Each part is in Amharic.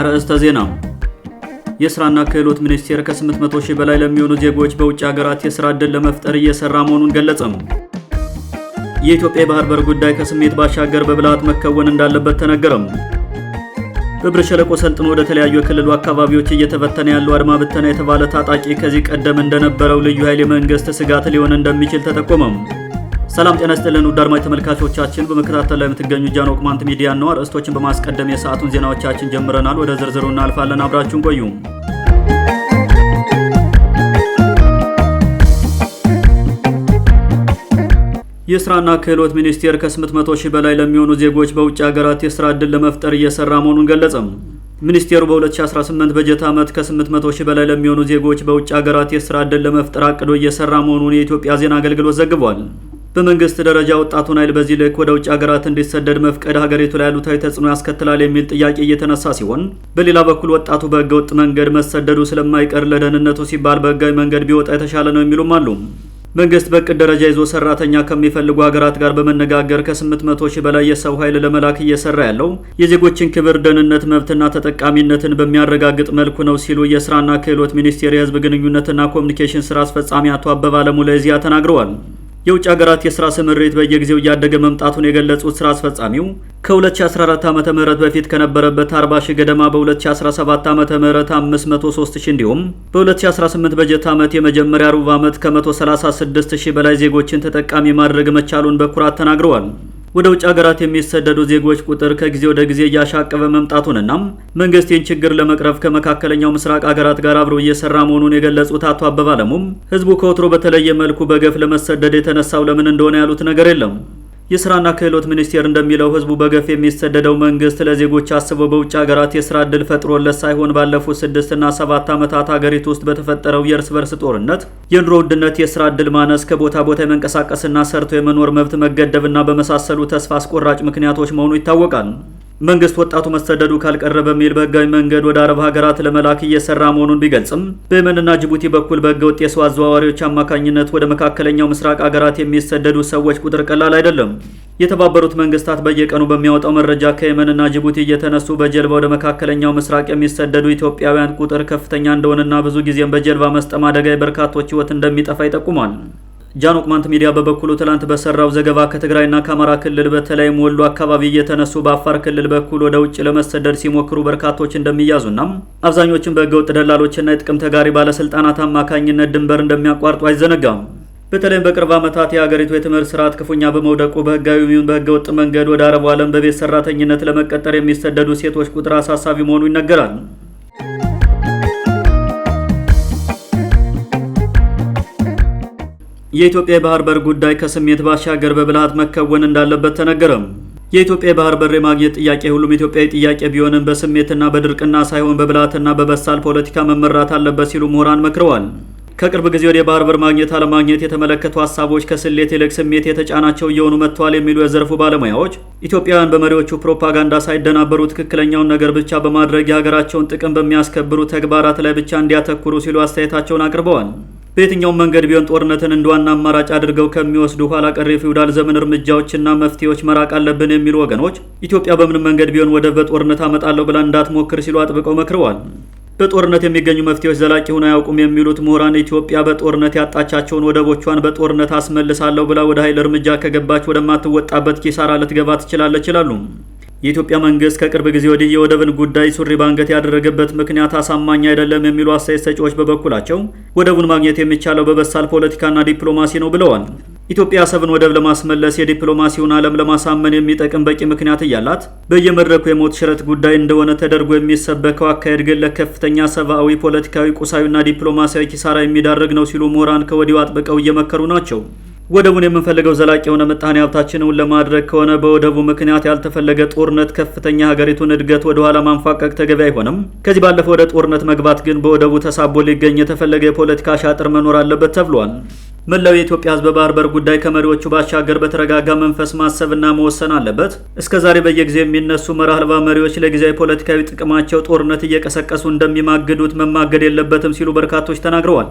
አርዕስተ ዜና። የስራና ክህሎት ሚኒስቴር ከ800 ሺህ በላይ ለሚሆኑ ዜጎች በውጭ ሀገራት የስራ ዕድል ለመፍጠር እየሰራ መሆኑን ገለጸም። የኢትዮጵያ የባህር በር ጉዳይ ከስሜት ባሻገር በብልሃት መከወን እንዳለበት ተነገረም። በብር ሸለቆ ሰልጥኖ ወደ ተለያዩ የክልሉ አካባቢዎች እየተበተነ ያለው አድማ ብተና የተባለ ታጣቂ ከዚህ ቀደም እንደነበረው ልዩ ኃይል የመንግስት ስጋት ሊሆን እንደሚችል ተጠቆመም። ሰላም ጤና ይስጥልን ውድ አድማጭ ተመልካቾቻችን፣ በመከታተል ላይ የምትገኙ ጃን ኦቅማንት ሚዲያ ነው። አርዕስቶችን በማስቀደም የሰዓቱን ዜናዎቻችን ጀምረናል። ወደ ዝርዝሩ እናልፋለን። አብራችሁን ቆዩ። የስራና ክህሎት ሚኒስቴር ከ800 ሺህ በላይ ለሚሆኑ ዜጎች በውጭ ሀገራት የስራ ዕድል ለመፍጠር እየሰራ መሆኑን ገለጸም። ሚኒስቴሩ በ2018 በጀት ዓመት ከ800 ሺህ በላይ ለሚሆኑ ዜጎች በውጭ ሀገራት የስራ ዕድል ለመፍጠር አቅዶ እየሰራ መሆኑን የኢትዮጵያ ዜና አገልግሎት ዘግቧል። በመንግስት ደረጃ ወጣቱን ኃይል በዚህ ልክ ወደ ውጭ ሀገራት እንዲሰደድ መፍቀድ ሀገሪቱ ላይ አሉታዊ ተጽዕኖ ያስከትላል የሚል ጥያቄ እየተነሳ ሲሆን፣ በሌላ በኩል ወጣቱ በህገ ወጥ መንገድ መሰደዱ ስለማይቀር ለደህንነቱ ሲባል በህጋዊ መንገድ ቢወጣ የተሻለ ነው የሚሉም አሉ። መንግስት በቅድ ደረጃ ይዞ ሰራተኛ ከሚፈልጉ ሀገራት ጋር በመነጋገር ከ800 ሺህ በላይ የሰው ኃይል ለመላክ እየሰራ ያለው የዜጎችን ክብር፣ ደህንነት፣ መብትና ተጠቃሚነትን በሚያረጋግጥ መልኩ ነው ሲሉ የስራና ክህሎት ሚኒስቴር የህዝብ ግንኙነትና ኮሚኒኬሽን ስራ አስፈጻሚ አቶ አበባ አለሙ ለዚያ ተናግረዋል። የውጭ ሀገራት የስራ ስምሪት በየጊዜው እያደገ መምጣቱን የገለጹት ስራ አስፈጻሚው ከ2014 ዓ ም በፊት ከነበረበት 40 ሺህ ገደማ በ2017 ዓ ም 503 ሺህ እንዲሁም በ2018 በጀት ዓመት የመጀመሪያ ሩብ ዓመት ከ136 ሺህ በላይ ዜጎችን ተጠቃሚ ማድረግ መቻሉን በኩራት ተናግረዋል። ወደ ውጭ ሀገራት የሚሰደዱ ዜጎች ቁጥር ከጊዜ ወደ ጊዜ እያሻቀበ መምጣቱንና መንግስት ይህን ችግር ለመቅረፍ ከመካከለኛው ምስራቅ ሀገራት ጋር አብሮ እየሰራ መሆኑን የገለጹት አቶ አበባ አለሙም ህዝቡ ከወትሮ በተለየ መልኩ በገፍ ለመሰደድ የተነሳው ለምን እንደሆነ ያሉት ነገር የለም። የስራና ክህሎት ሚኒስቴር እንደሚለው ህዝቡ በገፍ የሚሰደደው መንግስት ለዜጎች አስበው በውጭ ሀገራት የስራ እድል ፈጥሮለት ሳይሆን ባለፉት ስድስትና ሰባት ዓመታት ሀገሪቱ ውስጥ በተፈጠረው የእርስ በርስ ጦርነት፣ የኑሮ ውድነት፣ የስራ እድል ማነስ፣ ከቦታ ቦታ የመንቀሳቀስና ሰርቶ የመኖር መብት መገደብና በመሳሰሉ ተስፋ አስቆራጭ ምክንያቶች መሆኑ ይታወቃል። መንግስት ወጣቱ መሰደዱ ካልቀረ በሚል በህጋዊ መንገድ ወደ አረብ ሀገራት ለመላክ እየሰራ መሆኑን ቢገልጽም በየመንና ጅቡቲ በኩል በህገ ወጥ የሰው አዘዋዋሪዎች አማካኝነት ወደ መካከለኛው ምስራቅ ሀገራት የሚሰደዱ ሰዎች ቁጥር ቀላል አይደለም። የተባበሩት መንግስታት በየቀኑ በሚያወጣው መረጃ ከየመንና ጅቡቲ እየተነሱ በጀልባ ወደ መካከለኛው ምስራቅ የሚሰደዱ ኢትዮጵያውያን ቁጥር ከፍተኛ እንደሆነና ብዙ ጊዜም በጀልባ መስጠም አደጋ የበርካቶች ህይወት እንደሚጠፋ ይጠቁማል። ጃን ኦቅማንት ሚዲያ በበኩሉ ትላንት በሰራው ዘገባ ከትግራይና ከአማራ ክልል በተለይም ወሎ አካባቢ እየተነሱ በአፋር ክልል በኩል ወደ ውጭ ለመሰደድ ሲሞክሩ በርካቶች እንደሚያዙና አብዛኞችን በህገወጥ ደላሎችና የጥቅም ተጋሪ ባለስልጣናት አማካኝነት ድንበር እንደሚያቋርጡ አይዘነጋም። በተለይም በቅርብ ዓመታት የሀገሪቱ የትምህርት ስርዓት ክፉኛ በመውደቁ በህጋዊ ሚሆን በህገወጥ መንገድ ወደ አረቡ ዓለም በቤት ሰራተኝነት ለመቀጠር የሚሰደዱ ሴቶች ቁጥር አሳሳቢ መሆኑ ይነገራል። የኢትዮጵያ የባህር በር ጉዳይ ከስሜት ባሻገር በብልሃት መከወን እንዳለበት ተነገረም። የኢትዮጵያ የባህር በር የማግኘት ጥያቄ ሁሉም ኢትዮጵያዊ ጥያቄ ቢሆንም በስሜትና በድርቅና ሳይሆን በብልሃትና በበሳል ፖለቲካ መመራት አለበት ሲሉ ምሁራን መክረዋል። ከቅርብ ጊዜ ወደ የባህር በር ማግኘት አለማግኘት የተመለከቱ ሀሳቦች ከስሌት ይልቅ ስሜት የተጫናቸው እየሆኑ መጥተዋል የሚሉ የዘርፉ ባለሙያዎች ኢትዮጵያውያን በመሪዎቹ ፕሮፓጋንዳ ሳይደናበሩ ትክክለኛውን ነገር ብቻ በማድረግ የሀገራቸውን ጥቅም በሚያስከብሩ ተግባራት ላይ ብቻ እንዲያተኩሩ ሲሉ አስተያየታቸውን አቅርበዋል። በየትኛውም መንገድ ቢሆን ጦርነትን እንደ ዋና አማራጭ አድርገው ከሚወስዱ ኋላ ቀሪ ፊውዳል ዘመን እርምጃዎችና መፍትሄዎች መራቅ አለብን የሚሉ ወገኖች ኢትዮጵያ በምንም መንገድ ቢሆን ወደብ በጦርነት አመጣለሁ ብላ እንዳትሞክር ሲሉ አጥብቀው መክረዋል። በጦርነት የሚገኙ መፍትሄዎች ዘላቂ ሆነ አያውቁም የሚሉት ምሁራን ኢትዮጵያ በጦርነት ያጣቻቸውን ወደቦቿን በጦርነት አስመልሳለሁ ብላ ወደ ኃይል እርምጃ ከገባች ወደማትወጣበት ኪሳራ ልትገባ ትችላለች ይላሉ። የኢትዮጵያ መንግስት ከቅርብ ጊዜ ወዲህ የወደብን ጉዳይ ሱሪ ባንገት ያደረገበት ምክንያት አሳማኝ አይደለም የሚሉ አስተያየት ሰጪዎች በበኩላቸው ወደቡን ማግኘት የሚቻለው በበሳል ፖለቲካና ዲፕሎማሲ ነው ብለዋል። ኢትዮጵያ አሰብን ወደብ ለማስመለስ የዲፕሎማሲውን ዓለም ለማሳመን የሚጠቅም በቂ ምክንያት እያላት በየመድረኩ የሞት ሽረት ጉዳይ እንደሆነ ተደርጎ የሚሰበከው አካሄድ ግን ለከፍተኛ ሰብአዊ፣ ፖለቲካዊ፣ ቁሳዊና ዲፕሎማሲያዊ ኪሳራ የሚዳርግ ነው ሲሉ ምሁራን ከወዲሁ አጥብቀው እየመከሩ ናቸው። ወደቡን የምንፈልገው ዘላቂ የሆነ ምጣኔ ሀብታችንን ለማድረግ ከሆነ በወደቡ ምክንያት ያልተፈለገ ጦርነት ከፍተኛ ሀገሪቱን እድገት ወደኋላ ማንፋቀቅ ተገቢ አይሆንም። ከዚህ ባለፈ ወደ ጦርነት መግባት ግን በወደቡ ተሳቦ ሊገኝ የተፈለገ የፖለቲካ ሻጥር መኖር አለበት ተብሏል። መላው የኢትዮጵያ ሕዝብ በባህር በር ጉዳይ ከመሪዎቹ ባሻገር በተረጋጋ መንፈስ ማሰብና መወሰን አለበት። እስከዛሬ በየጊዜው የሚነሱ መርህ አልባ መሪዎች ለጊዜያዊ ፖለቲካዊ ጥቅማቸው ጦርነት እየቀሰቀሱ እንደሚማግዱት መማገድ የለበትም ሲሉ በርካቶች ተናግረዋል።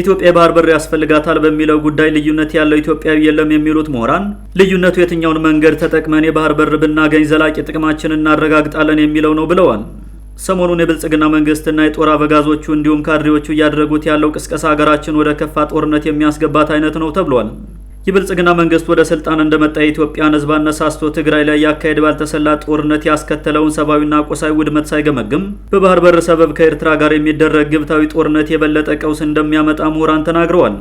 ኢትዮጵያ የባህር በር ያስፈልጋታል በሚለው ጉዳይ ልዩነት ያለው ኢትዮጵያዊ የለም የሚሉት ምሁራን ልዩነቱ የትኛውን መንገድ ተጠቅመን የባህር በር ብናገኝ ዘላቂ ጥቅማችን እናረጋግጣለን የሚለው ነው ብለዋል። ሰሞኑን የብልጽግና መንግስትና የጦር አበጋዞቹ እንዲሁም ካድሬዎቹ እያደረጉት ያለው ቅስቀሳ ሀገራችን ወደ ከፋ ጦርነት የሚያስገባት አይነት ነው ተብሏል። የብልጽግና መንግስት ወደ ስልጣን እንደመጣ የኢትዮጵያን ሕዝብ አነሳስቶ ትግራይ ላይ ያካሄድ ባልተሰላ ጦርነት ያስከተለውን ሰብአዊና ቁሳዊ ውድመት ሳይገመግም በባህር በር ሰበብ ከኤርትራ ጋር የሚደረግ ግብታዊ ጦርነት የበለጠ ቀውስ እንደሚያመጣ ምሁራን ተናግረዋል።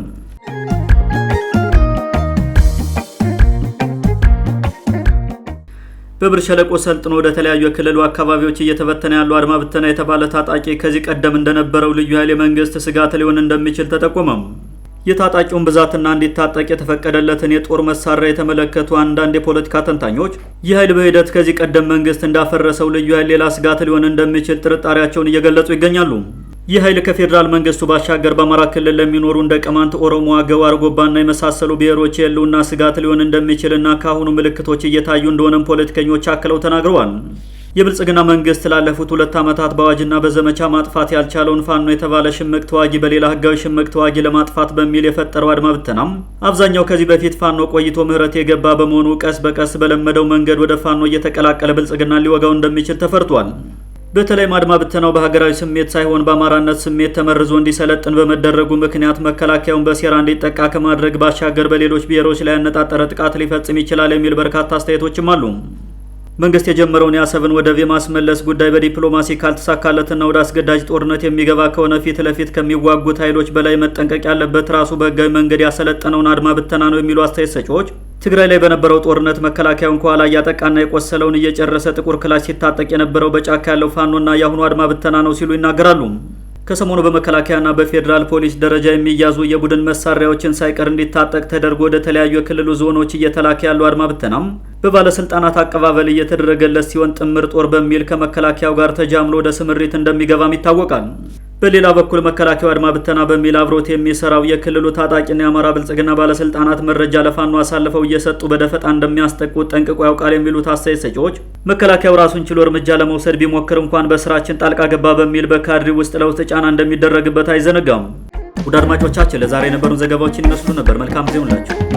በብር ሸለቆ ሰልጥኖ ወደ ተለያዩ የክልሉ አካባቢዎች እየተበተነ ያለው አድማ ብተና የተባለ ታጣቂ ከዚህ ቀደም እንደነበረው ልዩ ኃይል የመንግስት ስጋት ሊሆን እንደሚችል ተጠቆመም። የታጣቂውን ብዛትና እንዲታጠቅ የተፈቀደለትን የጦር መሳሪያ የተመለከቱ አንዳንድ የፖለቲካ ተንታኞች ይህ ኃይል በሂደት ከዚህ ቀደም መንግስት እንዳፈረሰው ልዩ ኃይል ሌላ ስጋት ሊሆን እንደሚችል ጥርጣሬያቸውን እየገለጹ ይገኛሉ። ይህ ኃይል ከፌዴራል መንግስቱ ባሻገር በአማራ ክልል ለሚኖሩ እንደ ቅማንት፣ ኦሮሞ፣ አገው፣ አርጎባና የመሳሰሉ ብሔሮች የህልውና ስጋት ሊሆን እንደሚችልና ከአሁኑ ምልክቶች እየታዩ እንደሆነም ፖለቲከኞች አክለው ተናግረዋል። የብልጽግና መንግስት ላለፉት ሁለት ዓመታት በአዋጅና በዘመቻ ማጥፋት ያልቻለውን ፋኖ የተባለ ሽምቅ ተዋጊ በሌላ ህጋዊ ሽምቅ ተዋጊ ለማጥፋት በሚል የፈጠረው አድማ ብተናም አብዛኛው ከዚህ በፊት ፋኖ ቆይቶ ምህረት የገባ በመሆኑ ቀስ በቀስ በለመደው መንገድ ወደ ፋኖ እየተቀላቀለ ብልጽግና ሊወጋው እንደሚችል ተፈርቷል። በተለይም አድማ ብተናው በሀገራዊ ስሜት ሳይሆን በአማራነት ስሜት ተመርዞ እንዲሰለጥን በመደረጉ ምክንያት መከላከያውን በሴራ እንዲጠቃ ከማድረግ ባሻገር በሌሎች ብሔሮች ላይ ያነጣጠረ ጥቃት ሊፈጽም ይችላል የሚል በርካታ አስተያየቶችም አሉ። መንግስት የጀመረውን የአሰብን ወደብ የማስመለስ ጉዳይ በዲፕሎማሲ ካልተሳካለትና ወደ አስገዳጅ ጦርነት የሚገባ ከሆነ ፊት ለፊት ከሚዋጉት ኃይሎች በላይ መጠንቀቅ ያለበት ራሱ በህጋዊ መንገድ ያሰለጠነውን አድማ ብተና ነው የሚሉ አስተያየት ሰጪዎች ትግራይ ላይ በነበረው ጦርነት መከላከያውን ከኋላ እያጠቃና የቆሰለውን እየጨረሰ ጥቁር ክላሽ ሲታጠቅ የነበረው በጫካ ያለው ፋኖና የአሁኑ አድማ ብተና ነው ሲሉ ይናገራሉ። ከሰሞኑ በመከላከያና በፌዴራል ፖሊስ ደረጃ የሚያዙ የቡድን መሳሪያዎችን ሳይቀር እንዲታጠቅ ተደርጎ ወደ ተለያዩ የክልሉ ዞኖች እየተላከ ያለው አድማ ብተናም በባለስልጣናት አቀባበል እየተደረገለት ሲሆን ጥምር ጦር በሚል ከመከላከያው ጋር ተጃምሎ ወደ ስምሪት እንደሚገባም ይታወቃል። በሌላ በኩል መከላከያው አድማ ብተና በሚል አብሮት የሚሰራው የክልሉ ታጣቂና የአማራ ብልጽግና ባለስልጣናት መረጃ ለፋኖ አሳልፈው እየሰጡ በደፈጣ እንደሚያስጠቁት ጠንቅቆ ያውቃል የሚሉት አስተያየት ሰጪዎች መከላከያው ራሱን ችሎ እርምጃ ለመውሰድ ቢሞክር እንኳን በስራችን ጣልቃ ገባ በሚል በካድሪ ውስጥ ለውስጥ ጫና እንደሚደረግበት አይዘነጋም። ውድ አድማጮቻችን ለዛሬ የነበሩን ዘገባዎችን ይመስሉ ነበር። መልካም ጊዜ